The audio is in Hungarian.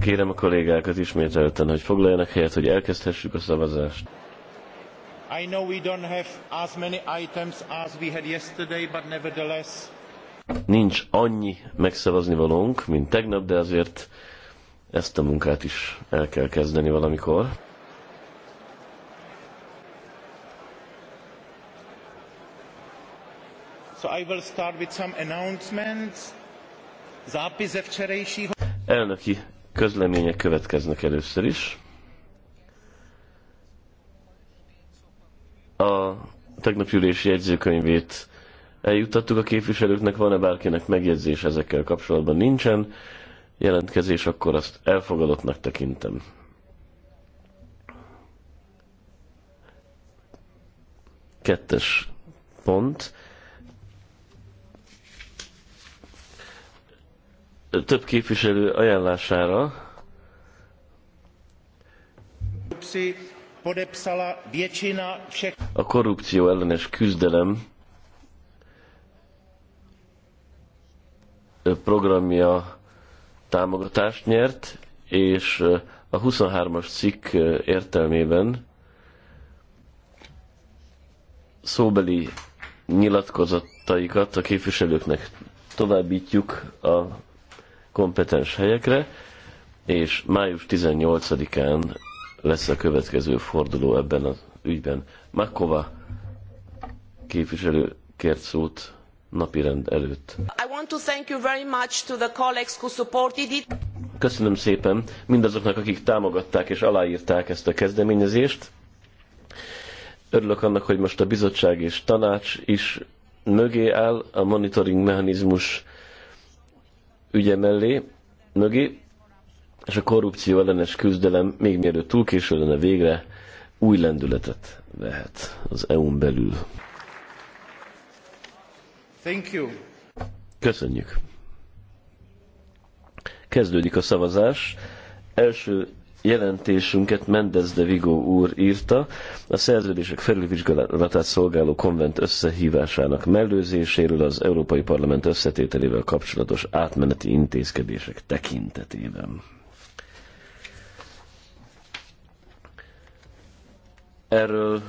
Kérem a kollégákat ismételten, hogy foglaljanak helyet, hogy elkezdhessük a szavazást. I know we don't have as many items as we had yesterday, but nevertheless. Nincs annyi megszavazni valónk, mint tegnap, de azért ezt a munkát is el kell kezdeni valamikor. So I will start with some announcements. Zápis ze včerejšího... Elnöki közlemények következnek először is. A tegnapi ülési jegyzőkönyvét eljuttattuk a képviselőknek, van-e bárkinek megjegyzés ezekkel kapcsolatban? Nincsen jelentkezés, akkor azt elfogadottnak tekintem. Kettes pont. több képviselő ajánlására a korrupció ellenes küzdelem programja támogatást nyert, és a 23-as cikk értelmében szóbeli nyilatkozataikat a képviselőknek továbbítjuk a kompetens helyekre, és május 18-án lesz a következő forduló ebben az ügyben. Makova képviselő kért szót napirend előtt. Köszönöm szépen mindazoknak, akik támogatták és aláírták ezt a kezdeményezést. Örülök annak, hogy most a bizottság és tanács is mögé áll a monitoring mechanizmus ügye mellé, mögé, és a korrupció ellenes küzdelem még mielőtt túl késő lenne végre, új lendületet vehet az EU-n belül. Thank you. Köszönjük. Kezdődik a szavazás. Első jelentésünket Mendez de Vigo úr írta, a szerződések felülvizsgálatát szolgáló konvent összehívásának mellőzéséről az Európai Parlament összetételével kapcsolatos átmeneti intézkedések tekintetében. Erről